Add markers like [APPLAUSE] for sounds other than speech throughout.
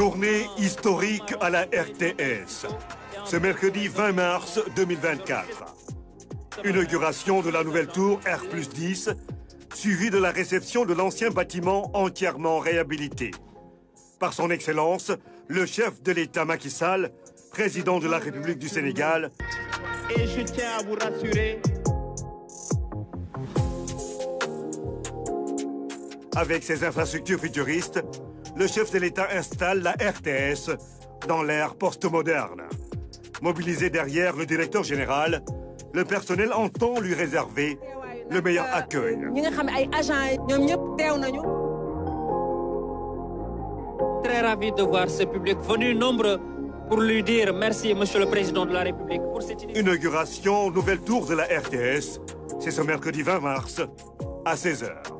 Journée historique à la RTS. Ce mercredi 20 mars 2024. Inauguration de la nouvelle tour R 10, suivie de la réception de l'ancien bâtiment entièrement réhabilité. Par son excellence, le chef de l'État Macky Sall, président de la République du Sénégal. Et je tiens à vous rassurer avec ses infrastructures futuristes, le chef de l'État installe la RTS dans l'ère postmoderne. Mobilisé derrière le directeur général, le personnel entend lui réserver le meilleur accueil. Très ravi de voir ce public venu nombre pour lui dire merci, Monsieur le Président de la République, pour cette Inauguration, nouvel tour de la RTS. C'est ce mercredi 20 mars à 16h.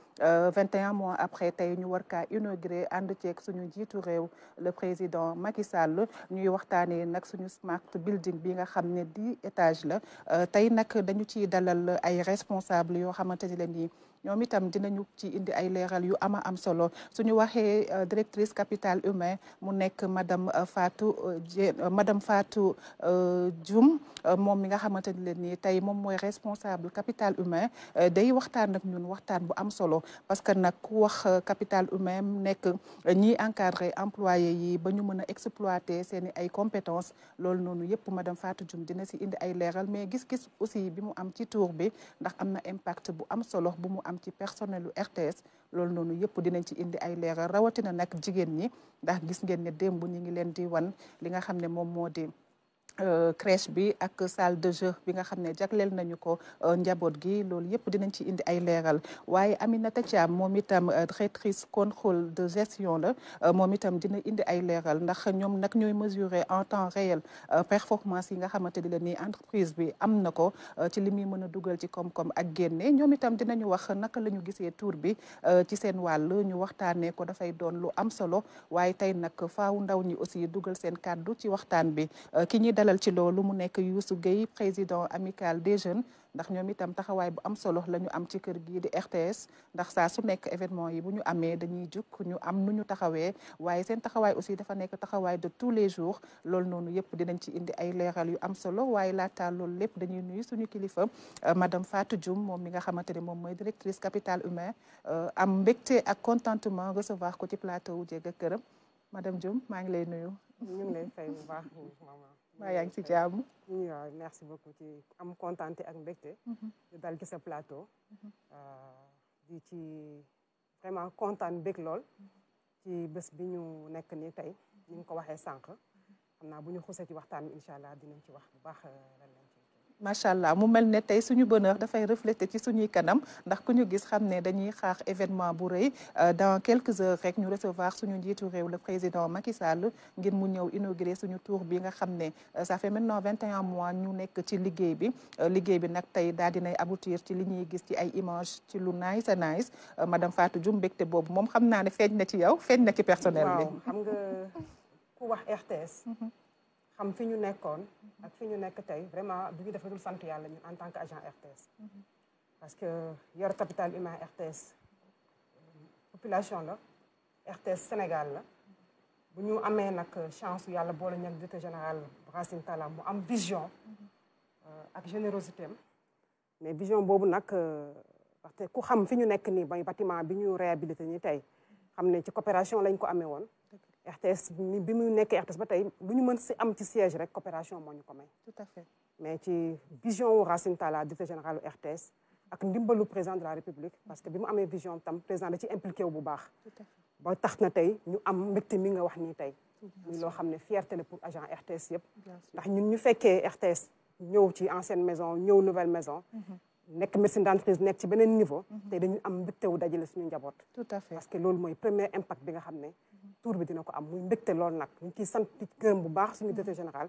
21 euh, mois après tay ñu war kaa inauguré ànd ceeg suñu jitu rew le président Macky Sall ñuy waxtaanee nak suñu smart building bi nga xamné ne di étage la euh, tay nak dañu ci dalal ay responsables yo xamante ñoom itam dinañu ci indi ay leeral yu ama am solo suñu waxee euh, directrice capital humain mu nekk madame euh, Fatou euh, madame Fatou Dioum moom mi nga xamante ne nii tey moom mooy responsable capital humain day waxtaan ak ñun waxtaan bu am solo parce que nag ku wax capital humain nekk ñiy encadrer employé yi ba ñu mën a exploiter seen i ay compétences loolu noonu yëpp madame Fatou Dioum dina si indi ay leeral mais gis-gis aussi bi mu am ci tour bi ndax am na impact bu am solo am ci personnel lu RTS loolu noonu yëpp dinañ ci indi ay leeral rawatina nag jigéen ñi ndax gis ngeen ne démb ñu ngi leen di wan li nga xam ne moom moo di Euh, crèche bi ak salle de jeu bi nga xam ne jagleel nañu ko euh, njaboot gi loolu yëpp dinañ ci indi ay leeral waaye Aminata Thiam moom itam euh, directrice contrôle de gestion la moom itam dina indi ay leeral ndax ñoom nag ñooy mesurer en temps réel performance yi nga xamante ne la ni entreprise bi am na ko ci li muy mën a dugal ci koom-koom ak génne ñoom itam dinañu wax naka la ñu gisee tour bi ci seen wàll ñu waxtaanee ko dafay doon lu am solo waaye tey nag faw ndaw ñi aussi dugal seen kaddu ci waxtaan bi ki ñi dalal ci loolu mu nek Youssou Gueye président amical des jeunes ndax ñoom itam taxaway bu am solo lañu am ci kër gi di RTS ndax sa su nek événement yi bu ñu amee dañuy juk ñu am nu ñu taxawee waaye seen taxawaay aussi dafa nek taxaway de tous les jours loolu nonu yépp dinañ ci indi ay leeral yu am solo waye la ta loolu lepp dañuy nuyu suñu kilifa euh, madame Fatou Dioum mom mi nga xamanteni mom moy directrice capital humain euh, am mbégte ak contentement recevoir ko ci plateau djégg Jéeg ak Këram madame Dioum ma ngi lay nuyu. ñu ngi lay fay bu baax maman maa yaa ngi merci beaucoup ci am contenté ak mbégte. di mhm. dal ci sa plateau. Mhm. Euh, di ci vraiment kontaan bég lool. Mhm. ci bés bi ñu nekk nii tey ni nga ko waxee sànq. xam naa bu ñu xusee ci waxtaan bi incha allah dinañ ci wax bu baax euh, macha allah mu melne tay tey suñu bonheur fay refléter ci suñu kanam ndax ku ñu gis xamné dañuy xaar événement bu reuy dans quelques heures rek ñu recevoir suñu njiitu rew le président Macky Sall ngir mu ñëw inaugurer suñu tour bi nga xamné euh, ça fait maintenant 21 mois ñu nekk ci liggéey bi euh, liggéey bi nak tay dal dinay aboutir ci li ñuy gis ci ay images ci lu nice a nice euh, madame Fatou Dioum mbégte boobu moom xam naa ne na ci yow feñ na ci personnel bi. xam nga ku wax RTS. Mm-hmm xam fi ñu vraiment en tant que RTS parce que yor capital humain RTS population RTS Sénégal la bu ñu chance yàlla boole directeur général mu am vision euh, ak générosité mais vision boobu euh, parce que ku xam nekk réhabilité coopération lañ ko RTS bi muy nekkee RTS ba tey lu ñu mën si am ci siège rek coopération moo ñu ko may. tout à fait mais ci vision wu Racine Talla directeur général u RTS. ak ndimbalu président de la République parce que bi mu amee vision tam président da ci impliqué wu bu baax. ba tax na tey ñu am mbégte mi nga wax nii tey. muy loo xam ne fierté la pour agent RTS yëpp. ndax ñun ñu fekkee RTS ñëw ci ancienne maison ñëw nouvelle maison. Mhm. nekk médecine d'entreprise nekk ci beneen niveau. Mhm. tey dañu am mbégte wu dajale suñu njaboot. tout à fait parce que loolu mooy premier impact bi nga xam tour bi dina ko am muy mbégte lool nag ñu ciy sant di gërëm bu baax suñu directeur général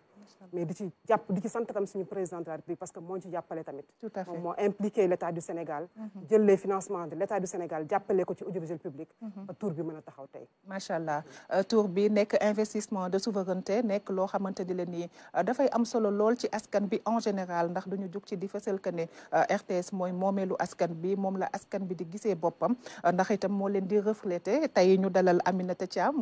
mais di ci jàpp di ci sant tam suñu président de la République parce que moo ci jàppale tamit moom moo impliqué l' état du Sénégal mhm. jël les financements de l' état du Sénégal jàppale ko ci audiovisuel public mhm. ba tour bi mën a taxaw tey macha allah euh, tour bi nekk investissement de souveraineté nekk loo xamante di leen nii euh, dafay am solo lool ci askan bi en général ndax duñu jug ci di fësal que ne euh, RTS mooy moomeelu askan bi moom la askan bi di gisee boppam ndax itam moo leen di refléter tey ñu dalal Aminata Thiam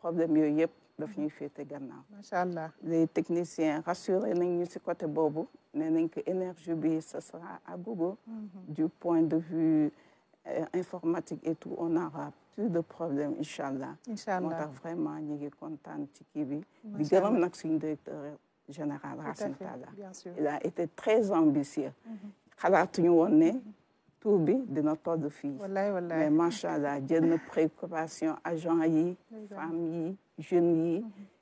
problème yooyu yëpp daf ñuy féete gannaaw. macha allah les techniciens rassurent nañ ñu ci côté boobu nee nañ que énergie bi ce sera à gogo. Mhm. du point de vue euh, informatique et tout on aura plus de problème incha allah. incha allah moo tax vraiment ñu ngi kontaan ci kii bi. di gërëm nag suñu directeur général Racine Talla. il a été très ambitieux. Mhm. xalaatuñu woon ne. Mhm tout bien de notre de fils. Wallahi, wallahi. Mais machallah, j'ai nos préoccupations, agents, famille, jeunes. Mhm.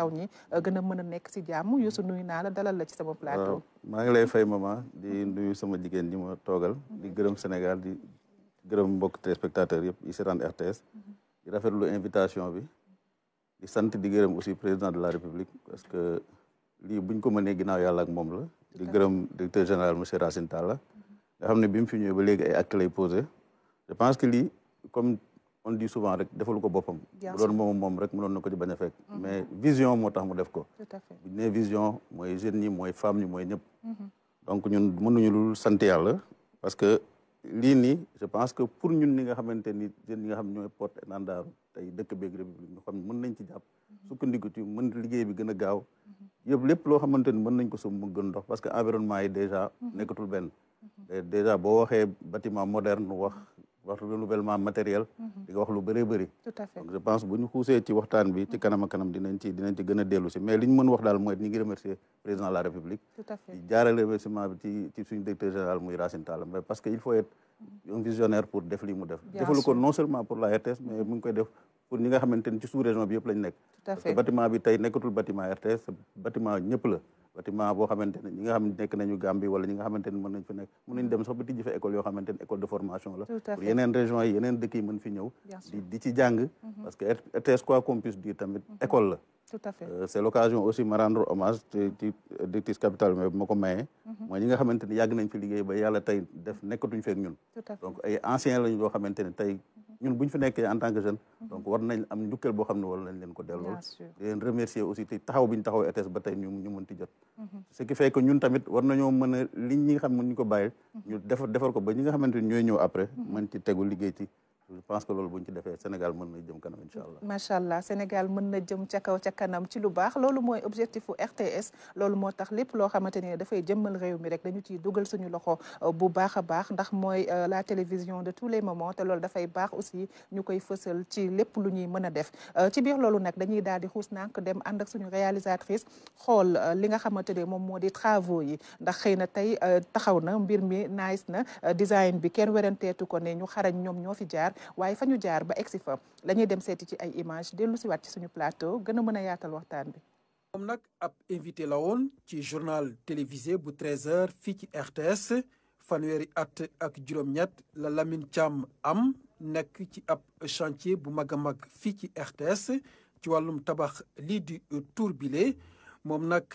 ndaw ñi euh, gën a mën a nekk si jàmm Youssou nuyu naa la dalal la sama plateau. maa ngi lay fay maman di nuyu sama jigéen ñi ma toogal di gërëm Sénégal di gërëm mbokk téléspectateurs yëpp yi seetaan RTS di rafetlu invitation bi di sant di gërëm aussi président de la République parce que lii buñ ko mënee ginnaaw yàlla ak moom la di gërëm directeur général monsieur Racine Talla mm-hmm. nga xam ne bi mu ba léegi ay actes lay je pense que lii comme on dit souvent rek defal ko boppam bu doon moom moom rek mënoon na ko ci bañ a fekk mhm. mais vision moo tax mu def ko ne vision mooy jeunes ñi mooy femmes ñi mooy ñëpp mhm. donc ñun mënuñu lul sant parce que lii nii je pense que pour ñun ñi nga xamante ni jeunes ñi nga xam ñooy porte nandaaru tey dëkk beeg république ñu xam ne mën nañ ci jàpp mhm. sukkandiku ci mën liggéey bi gën a gaaw yëpp loo xamante ni mën nañ ko sum mu gën dox parce que environnement yi déjà nekkatul benn déjà boo waxee bâtiment moderne wax wax renouvellement matériel. Mhm. di nga wax lu bëree bëri. tout à fait donc je pense bu ñu ci waxtaan bi ci kanam a kanam dinañ ci ci gën a mais li mën wax daal mooy ñu ngi remercier président de la république. tout à fait di jaarale remerciement bi ci ci suñu directeur général muy Racine Talla Mbaye parce que il faut être un visionnaire pour def li mu def. defalu ko non seulement pour la RTS mais mu koy def. pour ñi nga xamante ni ci sous région bi yëpp lañ nekk. tout à RTS bâtiment la. bâtiment boo xamante ne ñi nga xam nekk nañu Gambie wala ñi nga xamante ne mën nañ dem sax ba tijji fa école yoo xamante ne école de formation la yeneen région yi yeneen dëkk yi fi ñëw di di ci mm-hmm. parce que RTS quoi qu'on puisse dire tamit mm-hmm. école la euh, l'occasion aussi ma rendre hommage capitale mais bu ma ko mm-hmm. ñi nga xamante ne yàgg nañ fi liggéey ba yàlla tey def nekkatuñ feek ñun donc ay anciens lañu yoo xamante ne tey ñun buñ ñu fi en tant que jeune mhm. donc war nañ am njukkeel boo xam ne wala nañ ko delloo di leen remercier aussi te taxaw bi ñu taxaw ETS ba tey ñu ñu mën mhm. ce qui fait ñun tamit war nañoo mën a li ñi nga xam mën ñu ko bàyyi mhm. ñu defar ko ba ñi nga xamante ni ñooy après mën ci tegu liggéey ci je pense que loolu bu ñu ci defee Sénégal mën na jëm kanam incha allah. Sénégal mën na jëm ca kaw ca kanam ci lu baax loolu mooy objectif fu RTS loolu moo tax lépp loo xamante ne dafay jëmmal réew mi rek dañu ciy dugal suñu loxo euh, bu baax a baax ndax mooy euh, la télévision de tous les moments te loolu dafay baax aussi ñu koy fësal ci lépp lu ñuy mën a def euh, ci biir loolu nag dañuy daal di xuus nànk dem ànd ak suñu réalisatrice xool li nga xamante ne moom moo di travaux yi ndax xëy na tey taxaw na mbir mi nice na design bi kenn weranteetu ko ne ñu xarañ ñoom ñoo fi jaar waye fa jaar ba exi fa lañuy dem seeti ci ay image delu ci wat ci suñu plateau gëna mëna yaatal waxtaan bi moom nak ab invité la woon ci journal télévisé bu 13h fi ci RTS fanwéri at ak juróom-ñett la Lamine cham am nekk ci ab chantier bu mag a mag fii ci RTS ci wàllum tabax lii di tour bile moom nag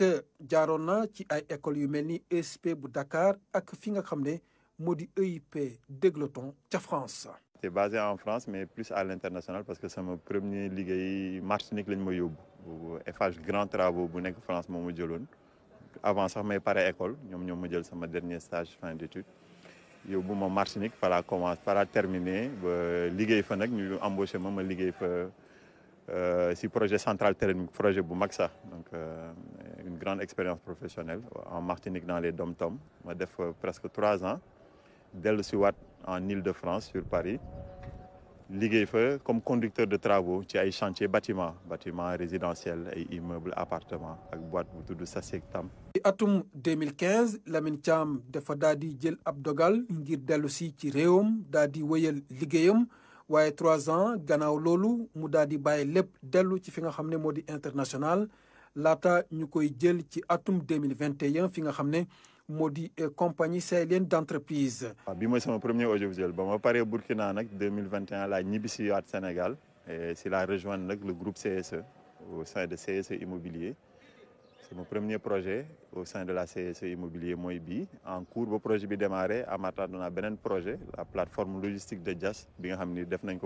jaaroon na ci ay école yu mel ni ESP bu Dakar ak fi nga xam ne moo di EIP d'Égletons ca France j'étais basé en France, mais plus à l'international parce que c'est mon premier ligue Martinique je suis fait FH grand travaux pour nekk France avant ça, mais suis école à l'école. c'est mon dernier stage fin d'études. d'étude yóbbu ma Martinique pour la commencé fa la terminer. Ligue suis fa ñu embauché ma ma euh, si projet central thermique, projet Boumaxa, donc euh, une grande expérience professionnelle en Martinique dans les dom-toms. J'ai fait presque trois ans. Dès le suivant en Ile-de-France sur Paris liggéey comme conducteur de travaux ci ay chantier bâtiment bâtiment résidentiel et immeuble appartement ak boîte de tudd Sasectam ci atum 2015 Lamine Thiam dafa daal di jël Abdogal, ngir delusi si ci réewam daal di wéyal trois ans gannaaw loolu mu daal di bàyyi lépp dellu ci fi nga xam ne international Lata ñu Djel, ci atum 2021 fi nga Maudit et compagnie sahélienne d'entreprise. Ah, bi suis sama premier audiovisuel ba ma au Burkina en 2021 à ñibbisi au Sénégal et si rejoindre le groupe CSE au sein de CSE Immobilier c'est mon premier projet au sein de la CSE Immobilier en cours le projet bi démarré à un un projet la plateforme logistique de jazz, bien nga été def nañ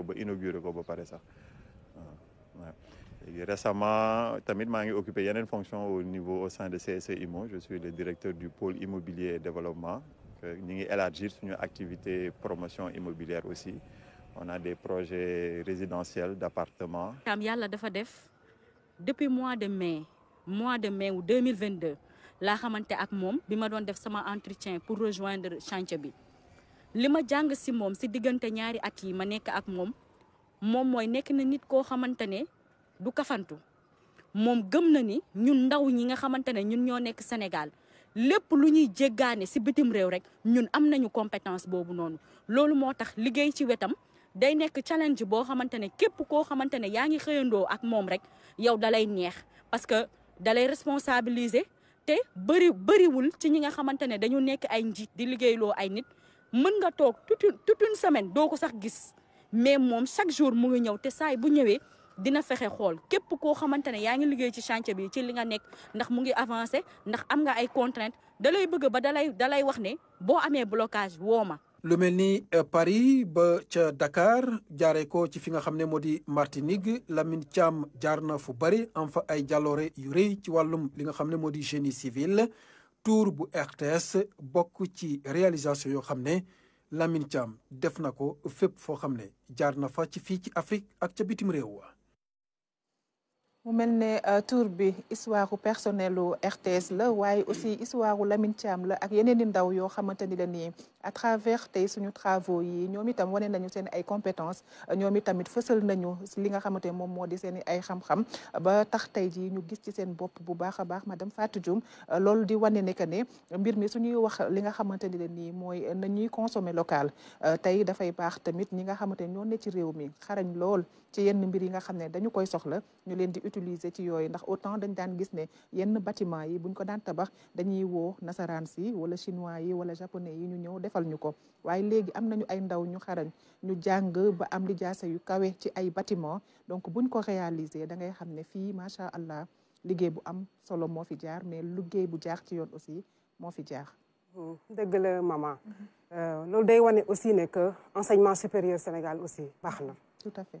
récemment tamit mangi occupé une fonction au niveau au sein de CSC e IMO je suis le directeur du pôle immobilier et développement Nous euh, ngi élargir suñu activité promotion immobilière aussi on a des projets résidentiels d'appartements am la dafa def depuis mois de mai mois de mai ou 2022 la ramante ak mom, bima ma def sama entretien pour rejoindre chantier bi Lima ma si mom, si diggante ñaari at yi ma nekk ak mom, mom moy un na nit ko ramante ne du kafantu moom gëm na ni ñun ndaw ñi nga xamante ne ñun ñoo nekk Sénégal lépp lu ñuy jéggaane si bitim réew rek ñun am nañu compétence boobu noonu loolu moo tax liggéey ci wetam day nekk challenge boo xamante ne képp koo xamante ne yaa ngi xëyandoo ak moom rek yow dalay neex parce que dalay responsabiliser te bëri bëriwul ci ñi nga xamante ne dañu nekk ay njiit di liggéeyloo ay nit mën nga toog toute toute une semaine doo ko sax gis mais moom chaque jour mu ngi ñëw te saay bu ñëwee dina fexé xol képp ko xamante ne yaa ngi liggéey ci chantier bi ci li nga nekk ndax mu ngi avancé ndax am nga ay contraintes dalay bëgg ba dalay dalay wax ne boo amee blocage wooma ma. lu mel ni euh, Paris ba ca Dakar jaaree ko ci fi nga xam ne moo di Martinique Lamine Thiam jaar na fu Bari, am fa ay jaloore yu rëy ci wàllum li nga xam ne moo di génie civil tour bu RTS bokk ci réalisation yoo xam ne Lamine Thiam def na ko fépp foo xam ne jaar na fa ci fii ci Afrique ak ca bitim réew wa mu mel ne euh, tour bi histoire personnelu RTS la waaye aussi histoire Lamine Thiam la ak yeneen i ndaw yoo xamante ni la nii à travers tey suñu travaux yi ñoom itam wane nañu seen ay compétences ñoom itamit fësal nañu li nga xamante ne moom moo di seen ay xam-xam ba tax tey jii ñu gis ci seen bopp bu baax a baax madame Fatou Dioum euh, loolu di wane ne que ne mbir mi suñuy wax li nga xamante ni la nii mooy nañuy consommer local euh, tey dafay baax tamit ñi nga xamante ne ñoo ne ci réew mi xarañ lool ci yenn mbir yi nga xam ne dañu koy soxla ñu leen di utiliser ci yooyu ndax autant dañ daan gis ne yenn batiment yi buñ ko daan tabax dañuy woo nasaraan si wala chinois yi wala japonais yi ñu ñëw defal ñu ko waaye léegi am nañu ay ndaw ñu xarañ ñu jàng ba am di jaase yu kawe ci ay bâtiment donc buñ ko réaliser da xam ne fii macha allah liggéey bu am solo moo fi jaar mais liggéey bu jaax ci yoon aussi moo fi jaar. Hmm, dëgg la maman. Euh, loolu day wane aussi ne que enseignement supérieur Sénégal aussi baax na. tout à fait.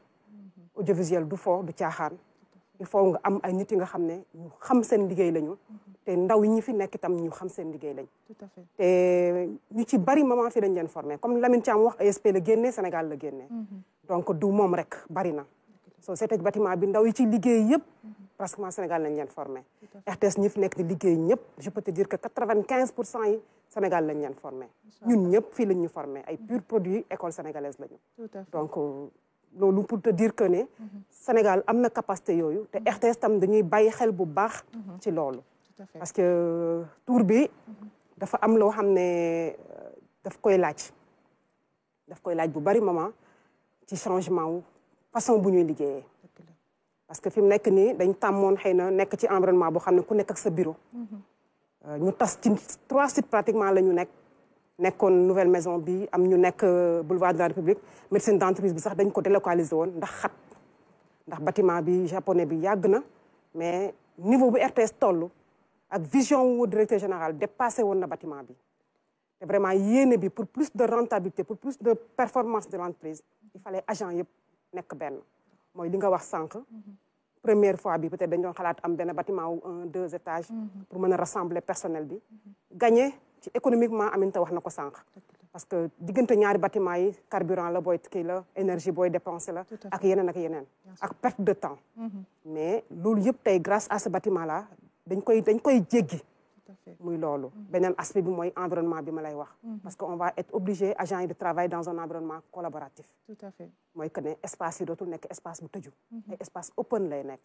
audiovisuel du foo du caaxaan il faut nga am ay nit yi nga xam ne ñu xam seen liggéey lañu te ndaw yi ñi fi nekk itam ñu xam seen liggéey lañ tout à fait te ñu ci bari maman fi dañ leen formé comme Lamine Thiam wax ASP la génnee Sénégal la génnee mhm. donc du moom rek bari na soo seetee bâtiment bi ndaw yi ci liggéey yëpp mhm. pratiquement Sénégal lañ leen formé RTS ñi fi nekk di liggéey ñëpp je peux te dire que quatre yi Sénégal lañ leen formé ñun ñëpp fii lañ ñu formé ay pur produit école sénégalaise lañu donc euh, loolu pour te diir que ne Sénégal am na capacité yooyu te RTS tam dañuy bàyyi xel bu baax ci loolu parce que euh, tour bi dafa am loo xam ne euh, daf koy laaj daf koy laaj bu bari moment ci changement wu façon bu ñuy liggéeyee parce que fi mu nekk nii dañ tàmmoon xëy na nekk ci environnement boo xam ne ku nekk ak sa bureau mhm. euh, ñu tas trois sites pratiquement la ñu nekk nekkoon nouvelle maison bi am ñu nekk euh, boulevard de la république médecine d'entreprise bi sax dañ ko délocaliser woon ndax xat ndax bâtiment bi japonais bi yàgg mais niveau bu RTS toll ak vision du directeur général dépassé woon na bâtiment bi te vraiment yéene pour plus de rentabilité pour plus de performance de l'entreprise il fallait agent yëpp nekk benn mooy li nga wax sànq première fois bi peut-être dañ doon xalaat am bâtiment wu un deux étages mhm. pour mën a rassembler personnel bi gagné économiquement Aminta wax nako sank parce que diggante ñaari bâtiment yi carburant la booy kii la énergie boy dépensé la. ak yenen ak yenen ak perte de temps. Mhm. mais loolu yëpp tay grâce à ce bâtiment là dañ koy dañ koy jéggi. muy loolu. Mhm. benen aspect bi moy environnement bi ma lay wax. Mhm. parce que on va être obligé agent yi de travail dans un environnement collaboratif. tout à fait moy que ne espace yi dootul nek espace bu tëju. espace open lay nek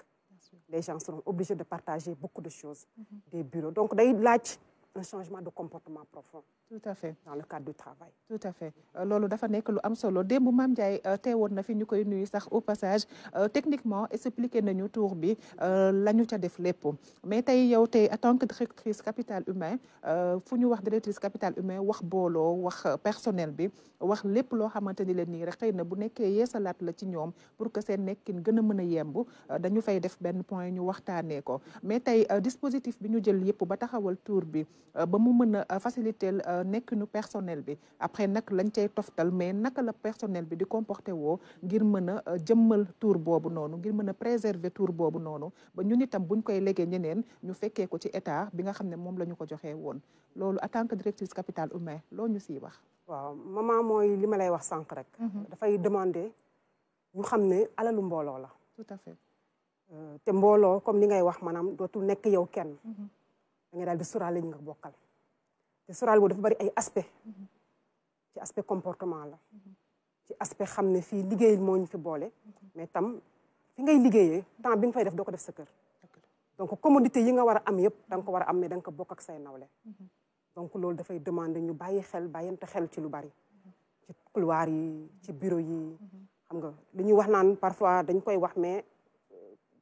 les gens seront obligés de partager beaucoup de choses. des bureaux donc day laaj un changement de comportement profond tout à fait dans le cadre du travail. tout à fait euh, loolu dafa nekk lu am solo démb Mame Ndiaye euh, teewoon na fi ñu sax au passage euh, techniquement expliquer nañu tour bi la ñu ca def lépp mais tey yow tey en tant que directrice capital humain fu ñu wax directrice capital humain wax bolo wax personnel bi wax lépp loo xamante ni leen nii rek xëy na bu nekkee yeesalaat la ci ñoom pour que seen nek kin gëna mëna yembu dañu fay def ben point ñu waxtané ko mais tay dispositif bi ñu jël yëpp ba taxawal tour bi ba mu mëna faciliter nekkinu personnel bi après nag lañ cay toftal mais naka la personnel bi di comporté woo ngir mën a euh, jëmmal tour boobu noonu ngir mën a préserver tour boobu noonu ba ñun itam buñ koy légee ñeneen ñu fekkee ko ci état bi nga xam ne moom la ñu ko joxee woon loolu en tant que directrice capital humain loo ñu siy wax. waaw mama mooy li ma lay wax sànq rek. Mhm. dafay demander ñu xam ne alalu mbooloo la. tout euh, te mbooloo comme ni ngay wax maanaam dootul nekk yow kenn. Mhm. da daal ñu nga bokkal. te soral boobu dafa bari ay aspect mm-hmm. ci aspect comportement la ci aspect xam ne fii liggéey moo ñu fi boole mm-hmm. mais tam fi ngay liggéeyee temps bi nga fay def doo ko def sa kër donc commodité yi nga war a am yëpp danga ko war a am mais da ko bokk ak say nawle mm-hmm. donc loolu dafay demander ñu bàyyi xel bàyyante xel ci lu bari ci couloir yi ci bureau yi xam nga li ñuy wax naan parfois dañ koy wax mais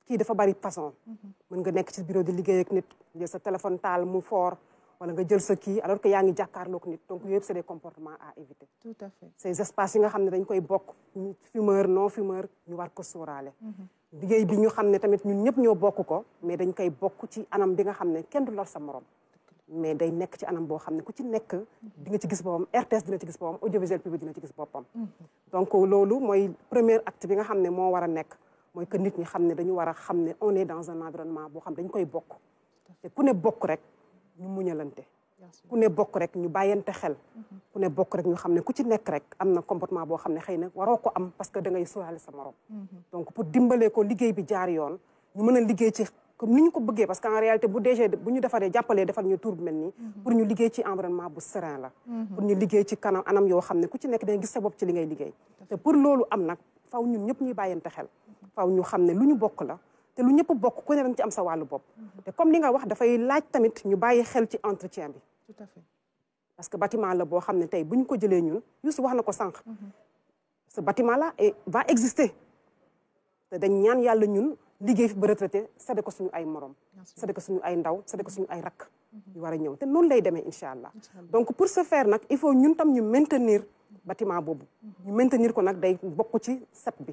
kii dafa bari façon mën nga nekk ci bureau di liggéey nit sa téléphone taal mu fort wala nga jël sa kii alors que yaa ngi jàkkaarloog nit donc yooyu yëpp c'est des comportements à éviter. tout à yi nga xam ne dañ koy bokk fumeur non fumeur ñu war ko sóoraale. Mhm. liggéey bi ñu xam ne tamit ñun ñëpp ñoo bokk ko mais dañ koy bokk ci anam bi nga xam ne kenn du lor sa morom. day nekk ci anam boo xam ne ku ci nekk di nga ci gis boppam RTS dina ci gis boppam audiovisuel public dina ci mhm. loolu mooy premier acte bi nga xam ne moo war a nekk mooy que nit ñi xam ne dañu war a xam ne on est dans un environnement boo xam dañ koy bokk te ku ne bokk rek. ñu muñalante ku ne bokk rek ñu bàyyante xel mm-hmm. ku ne bokk rek ñu xam ne ku ci nekk rek am na comportement boo xam ne xëy na waroo ko am parce que da ngay sóoraale sa morom mm-hmm. donc pour dimbalee ko liggéey bi jaar yoon ñu mën a liggéey ci comme ni ñu ko bëggee parce que en réalité bu DG bu ñu defaree jàppalee defar ñu tour bu mel nii mm-hmm. pour ñu la pour ñu liggéey ci kanam anam yoo xam ne ku ci nekk danga gis sa bopp ci li ngay liggéey te pour loolu am nag faw ñun ñëpp ñuy bàyyante xel faw ñu xam ne lu ñu bokk la te lu ñëpp bokk ku ne danga ci am sa wàllu bopp. te comme li nga wax dafay laaj tamit ñu bàyyi xel ci entretien bi. tout à parce que bâtiment la boo xam ne tey bu ñu ko jëlee ñun juste wax na ko sànq. ce bâtiment là et va exister te dañ ñaan yàlla ñun liggéey fi ba retraité sade ko suñu ay morom. sade ko suñu ay ndaw sade ko suñu ay rakk. Mm-hmm. yu war a ñëw te noonu lay demee incha allah. donc pour sa faire nag il faut ñun tam ñu maintenir bâtiment boobu. Mm-hmm. ñu maintenir ko nag day bokk ci set bi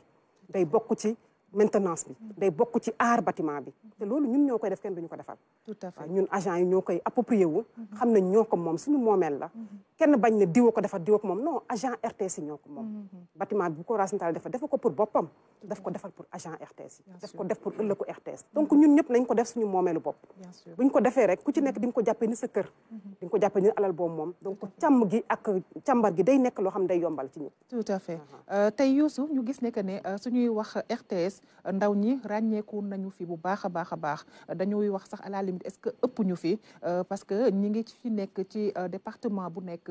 day bokk ci. maintenance bi day bokk ci aar bâtiment bi te loolu ñun ñoo koy def kenn duñu ko defal tout à ñun agent yi ñoo koy approprié wu mhm. xam nañ ñoo ko moom suñu moomeel la mhm. kenn bañ ne diwo ko dafa diwo ko moom non agent RTS yi ñoo ko moom. Mhm. bâtiment bi bu ko rasental dafa def ko pour boppam. daf ko defal pour agent RTS yi. daf ko def pour ëllëg ko RTS. donc ñun ñëpp nañ ko def suñu moomeelu bopp. buñ ko defee rek ku ci nekk di nga ko jàppee ni sa kër. Mhm. di nga ko jàppee ni alal boobu moom donc càmm gi ak càmbar gi day nekk loo xam day yombal ci ñun. tout à fait uh-huh. euh, tey Youssou ñu gis ne que ne euh, suñuy wax RTS ndaw ñi ràññeeku nañu fi bu baax a baax a baax dañuy wax sax à la limite est-ce que ëpp ñu fi euh, parce que ñi ngi fi nekk ci département bu nekk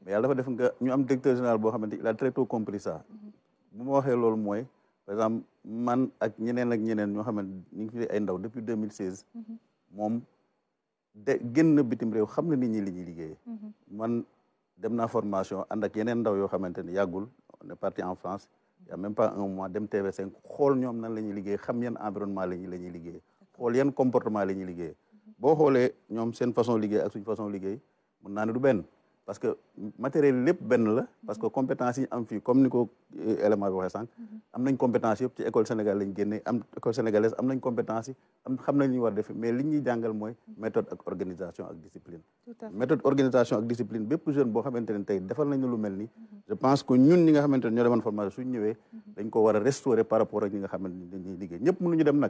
mais yàlla dafa def nga ñu am directeur général boo xamante il a très tôt compris ça mm-hmm. bu ma waxee loolu mooy par exemple man ak ñeneen ak ñeneen ñoo xamante ñu ngi fi ay ndaw depuis 2016 mm-hmm. moom de génn bitim réew xam na nit ñi li ñuy liggéey mm-hmm. man dem naa formation ànd ak yeneen ndaw yoo xamante ne yàggul on est parti en France il y a même pas un mois dem tv xool ñoom nan la ñuy liggéey xam yan environnement la ñuy la ñuy liggéey xool yen comportement la ñuy liggéey boo xoolee ñoom seen façon liggéey ak suñ façon liggéey mun naa ne du benn parce que matériel lép lépp la parce que compétence yi am fii comme ni ko élément euh, bi waxee sànq mhm. am nañ compétence yëpp ci école sénégal lañ génne am école sénégalaise am nañ compétence yi am xam nañ li war def mais li ñuy jàngal mooy mhm. méthode ak organisation ak discipline méthode organisation ak discipline bépp jeune boo xamante ne tey defal nañu lu mel ni mhm. je pense que ñun ñi nga xamante ne ñoo demoon formation suñu ñëwee dañ ko war a restaurer par rapport ak ñi nga xamante ne dañuy liggéey ñëpp mënuñu dem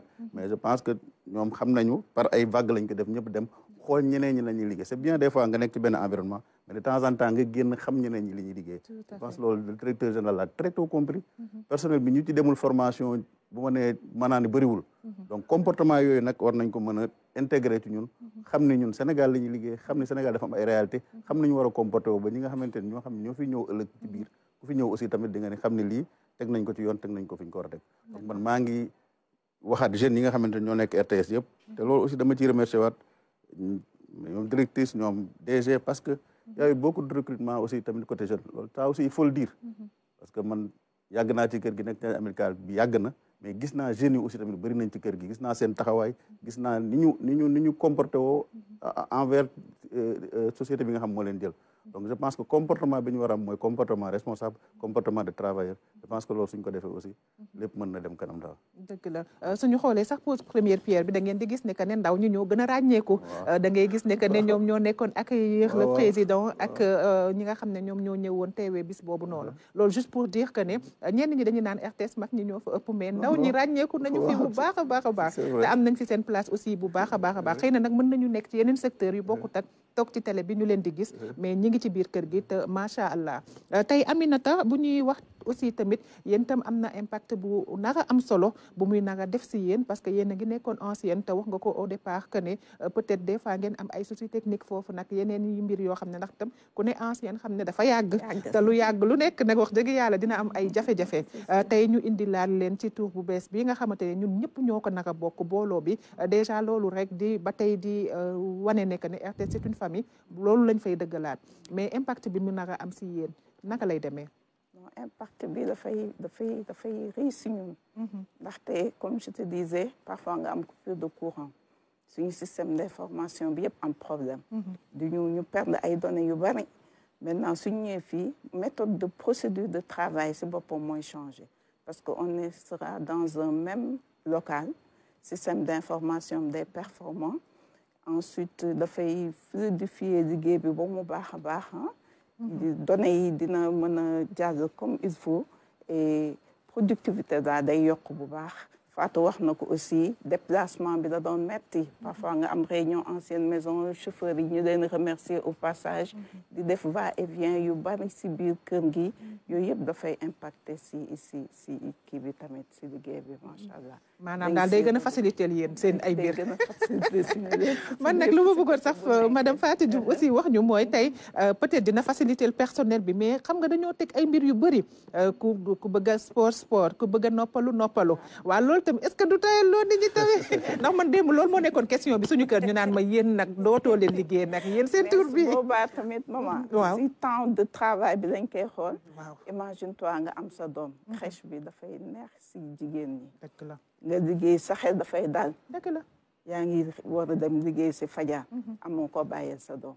ñoom xam nañu par ay vague lañ ko def ñëpp dem xool ñeneen ñi la ñuy liggéey c'est bien des fois nga nekk ci benn environnement mais de temps en temps nga génn xam ñeneen ñi li ñuy liggéey je pense directeur général a très tôt compris mm-hmm. personnel bi ñu ci demul formation bu ma mm-hmm. donc comportement yooyu nag war nañ ko mën a intégré ñun mm-hmm. xam ne ñun Sénégal la ñuy liggéey xam ne Sénégal dafa am réalité xam nañu war a comporté wu ba ñi nga xam ne ñoo ñu ko a RTS yëpp te loolu aussi dama ciy remercier waat directrice ñoom DG y a eu beaucoup de aussi tamit côté jeune loolu ça aussi il faut mhm. parce que man yàgg naa ci kër gi nekk na américain bi yàgg na mais gis naa jeunes yi aussi tamit bëri nañ ci kër gi gis naa seen taxawaay gisna naa ni ñu ni ñu ni ñu comporté woo mhm. envers euh, euh, société bi nga xam moo leen jël donc je pense que comportement bi ñu war a am mooy comportement responsable comportement de travailleur je pense que loolu suñ ko defee aussi lépp mën na dem kanam daal dëgg la euh, suñu xoolee sax pose première pierre bi da ngeen di gis ne que ne ndaw ñu ñoo gën a ràññeeku euh, da ngay gis ne que ne ñoom ñoo nekkoon accueillir le président ak euh, ñi nga xam ne ñoom ñoo ñëwoon teewee bis boobu noonu loolu juste pour dire que ne ñenn ñi dañu naan RTS mag ñi ñoo fa ëpp mais ndaw ñi ràññeeku nañu fi bu baax a baax a baax te am nañ fi seen place aussi bu baax a baax a baax xëy na nag mën nañu nekk ci yeneen secteur yu bokkut ak toog ci télé bi ñu leen di gis mais ngi ci biir kër gi te macha allah tey Aminata bu ñuy wax aussi tamit yéen tam am na impact bu nara am solo bu muy nara def si yéen parce que yéen a ngi nekkoon ancienne te wax nga ko au départ que ne euh, peut-être des fois ngeen am ay soucis technique foofu nag yeneen yi mbir yoo xam ne ndax tam ku ne ancienne xam ne dafa yàgg te lu yàgg lu nekk nag wax dëgg yàlla dina am ay jafe-jafe euh, tey ñu indi laal leen ci tour bu bees bi nga xamante ne ñun ñëpp ñoo ko naka bokk booloo bi euh, déjà loolu rek di ba tey di wane ne que ne RTS c'est une famille loolu lañ fay dëggalaat mais impact bi mu nara am si yéen naka lay demee impact bi dafay fait de riis ñun mhm. comme je te disais parfois a am coupure de courant un système d'information bi yëpp problème mhm. du ñu ñu perdre ay données yu bari maintenant suñu ñëwee fi méthode de procédure de travail pas pour moi changer parce qu'on sera dans un même local système d'information des performants ensuite dafay fluidifier liggéey bi ba mu baax baax hein? données yi dina mën a jàll comme il faut et productivité daa day yokk bu baax Fatou wax na ko aussi déplacement bi da doon metti parfois nga am réunion ancienne maison chauffeur yi ñu leen remercier au passage di def va et vient yu bari si biir kër gi yooyu yëpp dafay impacter si si si kii bi tamit si liggéey bi macha allah. maanaam daal day gën a faciliter yéen seen ay biir [LAUGHS] man nag lu ma bëggoon sax euh, madame Fatou Diouf aussi wax ñu mooy tey euh, peut-être dina faciliter personnel bi mais xam nga dañoo teg ay mbir yu bëri euh, ku ku bëgg a sport sport ku bëgg a noppalu noppalu waaw loolu tamit est-ce que du tayal loo nit ñi tamit [LAUGHS] ndax man démb lool moo nekkoon question bi suñu kër ñu naan ma yéen nag dootoo leen liggéey nag yéen seen tur bi boobaa tamit maman waaw si temps de travail bi lañ koy xool waaw imagine toi nga am sa doom crèche bi dafay neex si jigéen ñi dëgg la nga liggéey sa xel dafay daal dëgg la yaa ngi war a dem liggéey si fajar mhm. amoo ko bàyyeel sa doom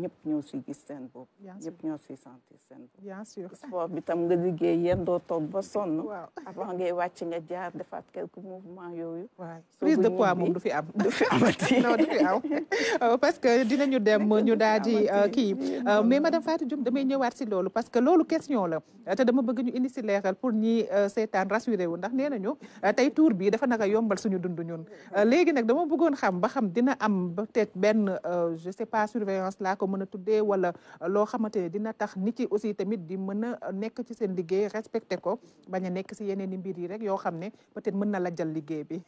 ñëpp ñëw si gis seen bopp ñëpp ñëw si sentir seen bopp bien sûr sport bi tam nga liggéey yéen doo toog ba sonn avant ngay wàcc nga jaar defaat de poids moom du fi am du fi amati non du fi am parce que dinañu dem ñu daal di ah, euh, kii euh, mais madame Fatou Diouf damay ñëwaat si loolu parce que loolu question la te dama bëgg ñu indi si leeral pour ñi euh, seetaan rassuré wu ndax nee nañu tey tour bi dafa naka yombal suñu dund ñun léegi nag dama bëggoon xam ba xam dina am peut-être benn je sais pas surveillance la ko mën a wala lo xamante dina tax nit yi aussi tamit di mën nek ci sen liggéey respecté ko baña nek ci yenen ni mbir yi rek yo xamné peut-être mën na la jal liggéey bi.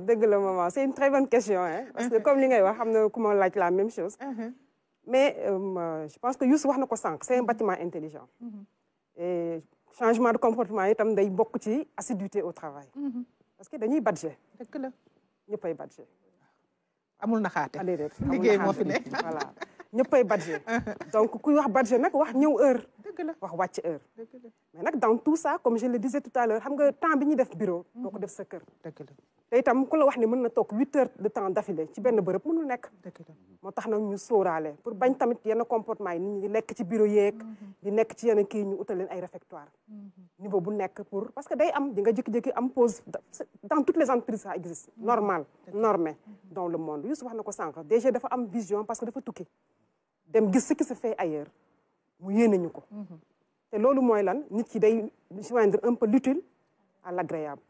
deug [LAUGHS] la maman c'est une très bonne question hein parce que uh-huh. comme li ngay wax xam na ku laaj la même chose. Uh-huh. mais euh, je pense que Youssou wax na ko sànq c'est un bâtiment intelligent. Uh-huh. et changement de comportement itam day bok ci assiduité au travail. parce que dañuy budget deug la ñëppay budget amul na naxaate liggéey mo fi ne voilà [LAUGHS] ñëppay badge [LAUGHS] donc kuy wax badge nag wax ñëw heure wax wàcc heure dëgg la mais nag dans tout ça comme je le disais tout à l'heure xam nga temps bi ñu def bureau doo ko mhm. def sa kër tam ku la wax ne mën na toog huit heures de temps d'affilée ci benn bërëb mënul nekk dëgg la moo tax na ñu sóoraale pour bañ tamit yenn comportement yi ni ñi di lekk ci bureau yeeg mhm. di nekk ci yenn kii ñu utal leen ay réfectoire mhm. niveau bu nekk pour parce que day am di nga jékki-jékki am pause dans toutes les entreprises ça existe le monde Youssou na ko sànq DG dafa am vision parce que dafa tukki dem gis ce qui se fait ailleurs mu yéene ñu ko. te loolu lan nit ki day joindre un peu l'utile à l'agréable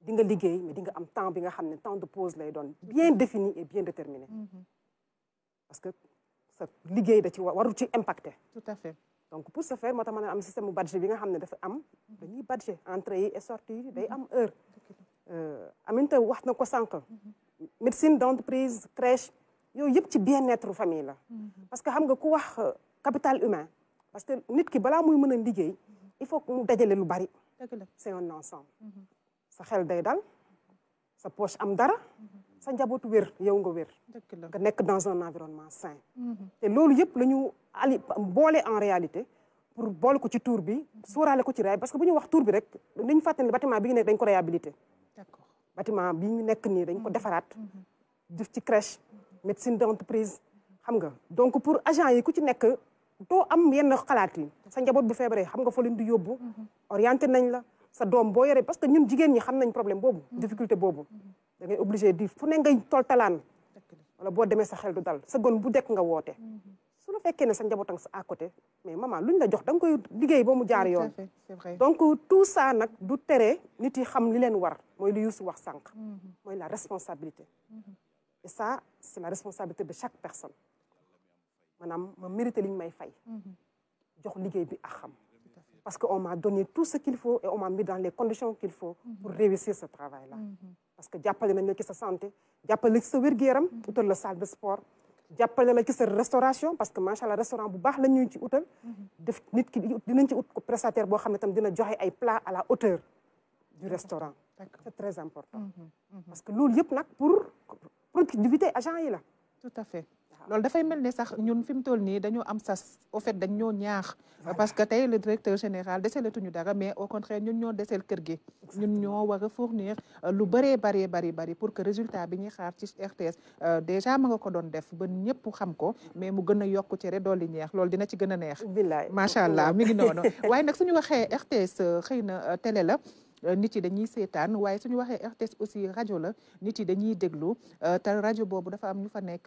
di nga liggéey mais di nga am temps bi nga xamné temps de pause lay don bien défini et bien déterminé. Mhm. parce que sa liggéey da ci waru ci impacté. tout à fait. donc pour ce faire moo tax ma am système de budget bi nga xamné dafa am dañuy budget entrée et sortie day am heure. Euh, amenta wax na ko sank mhm. médecine d'entreprise crèche yooyu yëpp ci bien-être famille la. Mm-hmm. parce que xam nga ku wax euh, capital humain. parce que nit ki bala muy meuna a il faut mu dajale lu bari. c'est un ensemble. Mm-hmm. sa xel day dal sa poche am dara. Mm-hmm. sa njaboot wér yow nga wér. nga nek dans un environnement sain. té lolu yep lañu ñu ali en réalité pour bol ko ci tour bi sóoraale ko ci ray parce que buñu wax tour bi rek ni ñu ni bâtiment bi ñu nekk dañ ko réhabilité. d'accord bâtiment bi ñu nekk dañ ko defaraat. def ci crèche médecine d'entreprise xam nga donc pour agent yi ku ci nekk doo am yenn xalaat yi sa njaboot bu feebaree xam nga fa leen di yóbbu mhm. orienté nañ la sa doom boo yoree parce que ñun jigéen ñi xam nañ problème boobu mhm. difficulté boobu mhm. da ngay obligé di fu ne ngay toltalaan wala boo demee sa xel du dal sa gon bu dekk nga woote su la fekkee ne sa njaboot ak sa à côté mais lu luñ la jox danga koy liggéey ba mu jaar yoon donc tout ça nag du tere nit yi xam li leen war mooy lu Youssou wax sànq mooy la responsabilité et ça c'est la responsabilité de chaque personne Je ma mérité que ñu may fay mhm. jox ce bi parce qu'on m'a donné tout ce qu'il faut et on m'a mis dans les conditions qu'il faut mhm. pour réussir ce travail là mhm. parce que j'appelle nañ la sa santé j'appelle la ci sa la salle de sport jàppale la qui sa restauration parce que je à restaurant bu restaurant, la ñuy ci utal def nit ki dinañ ci ut prestataire boo xam tam dina joxe ay plats à la hauteur du restaurant c'est très important parce que loolu yëpp pour productivité agent yi la. tout à fait loolu da fay ne sax ñun fim toll ni dañu am sas au fait dañ ñoo ñaax. parce que tay le directeur général deselatuñu dara mais au contraire ñun ñoo desel kër gi. ñun ñoo wara fournir euh, lu bari bari bari bari pour que résultat bi ñi xaar ci RTS euh, déjà ma nga ko doon def ba ñepp xam ko mais mu gëna a ci cere doli ñeex loolu dina ci gëna a neex. billaay macha allah mi ngi noonu [LAUGHS] waaye nak suñu waxee RTS euh, xeyna télé la. Euh, nit yi dañuy seetaan waaye suñu waxee RTS aussi rajo la nit yi dañuy déglu euh, te rajo boobu dafa am ñu fa nekk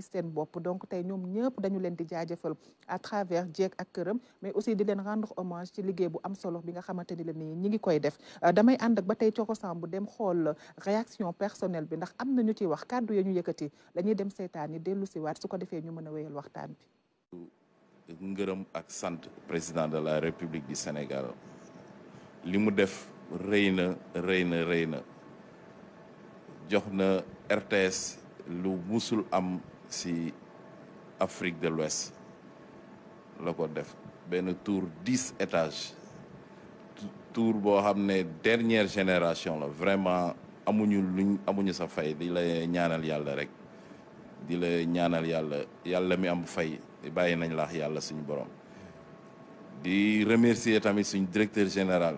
gis seen bopp donc tey ñoom ñëpp dañu leen di jaajëfal à travers jeeg ak këram mais aussi di leen rendre hommage ci liggéey bu am solo bi nga xamante ni la nii ñi ngi koy def euh, damay ànd ak ba tey cokosam bu dem xool réaction personnelle bi ndax am na ñu ci wax kàddu ya ñu yëkkati la ñuy dem seetaan yi dellu si waat su ko defee ñu mën a wéyal waxtaan bi ngërëm ak sant président de la république du Sénégal li mu def rëy na rëy na na jox na RTS lu musul am si Afrique de l'Ouest la def benn tour dix étages tour boo dernière génération là, vraiment amuñu luñ amuñu sa fay di la ñaanal yàlla rek di la ñaanal yàlla yàlla mi am fay bàyyi la laax yàlla suñu borom di remercier tamit suñu directeur général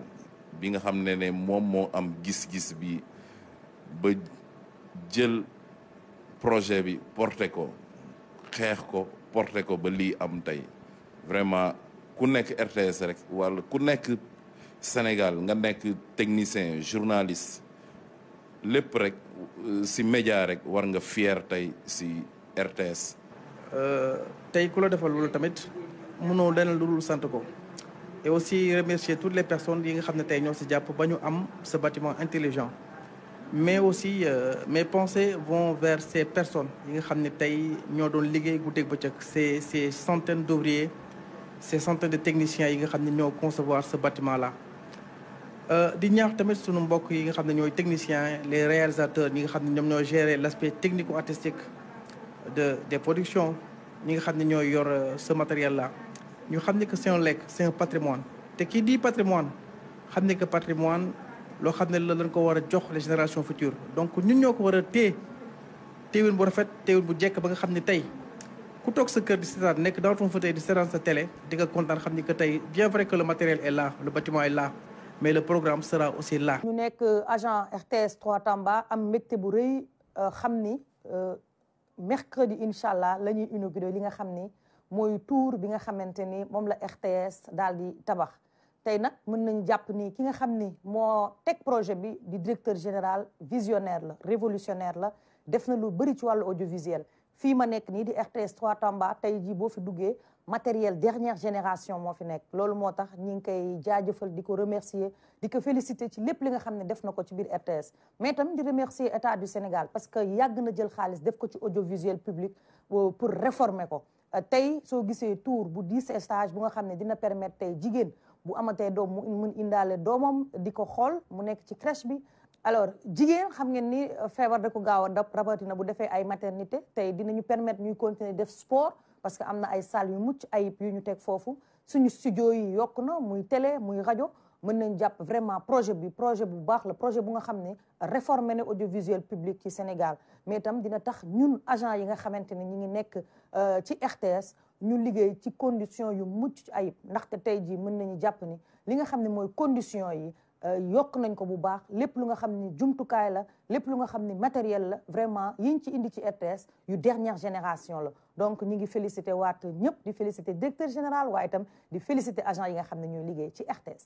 bi nga ne ne moom am gis-gis bi ba djel projet bi porté ko xex ko porté ko ba li am tay vraiment ku nek RTS rek wala ku nek Sénégal nga nek technicien journaliste lepp rek euh, si média rek war nga fier tay si RTS. Euh, tey ku la defal loolu tamit mënoo leneen lu dul sant ko. et aussi remercier toutes les personnes yi nga xam ne tey ñoo si jàpp ba ñu am ce bâtiment intelligent mais aussi euh, mes pensées vont vers ces personnes ces centaines d'ouvriers ces centaines de techniciens qui ont conçu concevoir ce bâtiment là euh, di techniciens les réalisateurs qui ont géré l'aspect technico-artistique de des productions qui ont xam euh, ce matériel là Nous avons dit que c'est un lac, c'est un patrimoine Et qui dit patrimoine que patrimoine loo xam ne la lañ ko war a jox les générations futures donc ñun ñoo ko war a téye téewin bu rafet téewin bu jekk ba nga xam ne tey ku toog sa kër di seetaan nekk dans ton fauteuil di seetaan sa télé di nga kontaan xam ni que tey bien vrai que le matériel est là le bâtiment est là mais le programme sera aussi là. ñu nekk euh, agent RTS 3 Tamba am mbégte bu rëy euh, xam ni euh, mercredi incha allah la ñuy inauguré li nga xam ni mooy tour bi nga xamante ni moom la RTS daal di tabax tey nak mën nañ japp ni ki nga xam mo tek projet bi di directeur général visionnaire la révolutionnaire la def na lu bëri ci wàllu audiovisuel Fi ma nek ni di RTS 3 Tamba tay ji bo fi duggé matériel dernière génération mo fi nek lolou motax tax ñi ngi di ko remercier di ko féliciter ci lepp li nga xam ne def ci biir RTS mais tam di remercier état du Sénégal parce que yag na jël xaliss def ko ci audiovisuel public euh, pour réformer ko euh, tey so gisee tour bu 10 stages bu nga xam dina permettre tay jigen bu amatee doom mu mun indaale doomam di ko xool mu nekk ci crèche bi alors jigéen xam ngeen ni euh, feebar da ko gaaw a dab rawatina bu defee ay maternité tey dinañu permettre ñuy continuer def sport parce que am na ay salle yu mucc ayib yu ñu teg foofu suñu studio yi yokk na muy télé muy rajo mën nañ jàpp vraiment projet bi projet bu baax la projet bu nga xam ne réformer ne audiovisuel public ci Sénégal mais itam dina tax ñun agent yi nga xamante ne ñi ngi nekk euh, ci RTS ñu liggéey ci condition yu mucc ci ayib ndaxte tey jii mën nañu japp ni li nga xam moy mooy condition yi euh, yok nañ ko bu baax lepp lu nga xam ni kay la lepp lu nga xam matériel la vraiment yiñ ci indi ci RTS yu dernière génération la donc ñi ngi félicité waat ñëpp di félicité directeur général waaye itam di félicité agent yi nga xam ñoy ñooy ci RTS